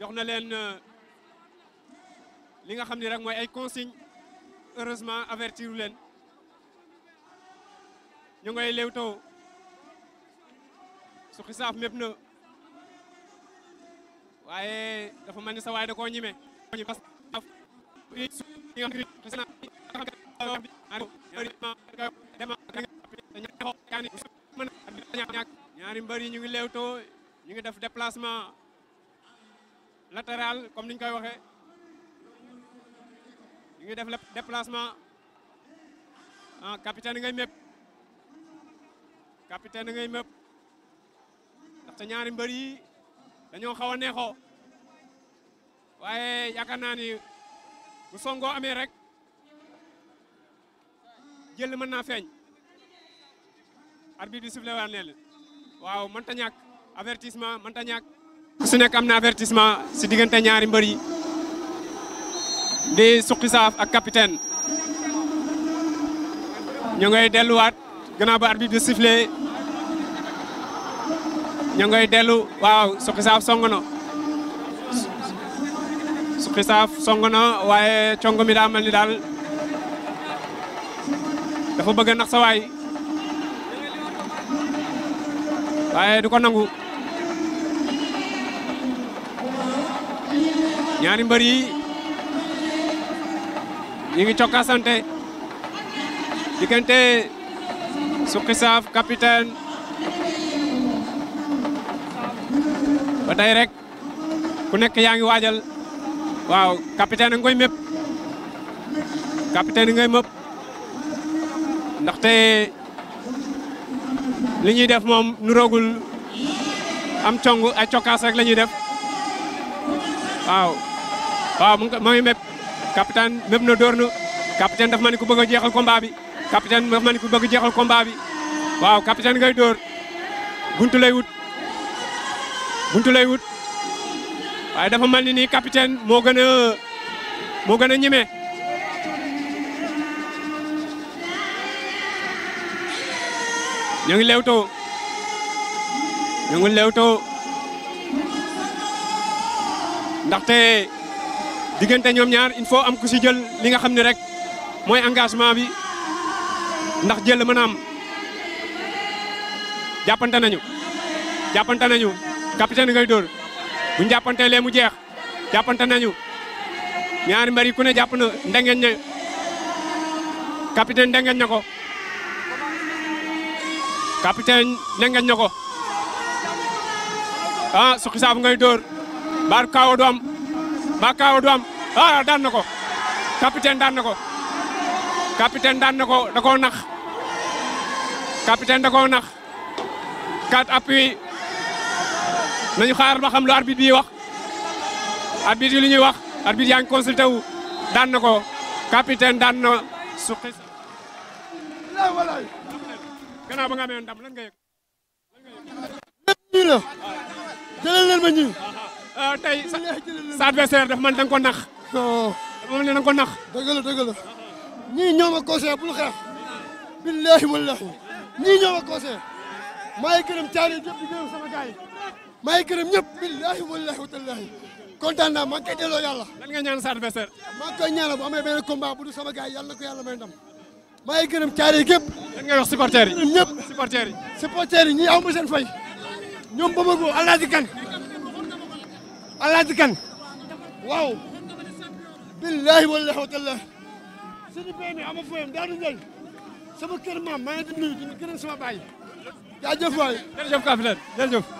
jox na leen euh, nga xam ne rek mooy ay consigne heureusement avertiru leen ñu ngay Leewtoo su xisaaf mépp na waaye dafa mel ni sa waay da koo ñime ñaari mbër yi ñu ngi Leewtoo ñu ngi def déplacement latéral comme ni ñu koy waxee ñu ngi def déplacement ah capitaine ngay mépp capitaine ngay mépp ndaxte ñaari mbër yi dañoo xaw a neexoo waaye yaakaar naa ni bu songoo amee rek jël mën naa feeñ arbitre bi sifflé waat ne waaw mënta ñàkk avertissement mënta ñàkk su nekk am na avertissement si diggante ñaari mbër yi di suqi saaf ak capitaine ñu ngay delluwaat gannaaw ba arbitre bi sifflé dellu waaw suqi saaf song na suqi saaf song na waaye cong mi daa ni daal dafa bëgg nax sa waay waaye du ko nangu ñaari mbër yi ñu ngi cokkaasante diggante Soukhi Saff capitaine rek ku nekk yaa ngi waajal waaw capitaine nga koy mépp capitaine ngay mëpp ndaxte li ñuy def moom nu roogul am cong ay cokkaas rek la ñuy def waaw waaw mu ngi ko mooy mépp na dóor na capitaine daf ma ni ku bëgg a jeexal combat bi capitaine daf ma ni ku bëgg a jeexal combat bi waaw capitaine gay dóor buntu lay wut buntu lay wut waaye dafa mel ni nii capitaine moo gën a moo gën a ñeme ñu ngi lewtoo ñu ngi lewtoo ndaxte diggante ñoom ñaar il faut am ku si jël li nga xam ne rek mooy engagement bi ndax jël ma a am jàppante nañu jàppante nañu capitaine ngay dóor buñ jàppante le mu jeex jàppante nañu ñaari mbër yi ku ne jàpp na ndengeñ na capitaine ndengeñ na ko capitaine ndengeñ na ko ah suqi saaf ngay dóor kaawa du am baar kaawa du am a ah, ah, daan na ko capitaine daan na ko capitaine daan ko da koo nax capitaine da koo nax quatre appui nañu xaar ba xam lu arbitre bi wax arbitre yi lu ñuy wax arbitre yaa ngi consulté daan na ko capitaine daan na su xis gannaaw ba nga ah, sa adversaire daf man danga ko nax non. moom nee ko nax. dëgg la dëgg la ñii ñoo ma conseillé bul xeex. billahi wallahi ñii ñoo ma conseillé. maa ngi gërëm caari yëpp di gërëm sama gars maa ngi gërëm ñëpp. billahi wallahi wa tallahi kontaan naa maa ngi koy delloo yàlla. lan nga ñaan sa adversaire. maa ngi koy ñaanal bu amee benn combat bu du sama gars yi yàlla ko yàlla may ndam. maa ngi gërëm caari yi képp. lan ngay wax supporters yi ñëpp. supporters yi supporters yi ñii aw ma seen fay. ñoom ba ma góor Kan Alaaji Kan waaw. billahi wallahi wa taala suñu pay mi ama foyam daadu jël sama kër maam maa ngi di nuyu di gërëm sama baay jaajëf waay jërëjëf Kafilane jërëjëf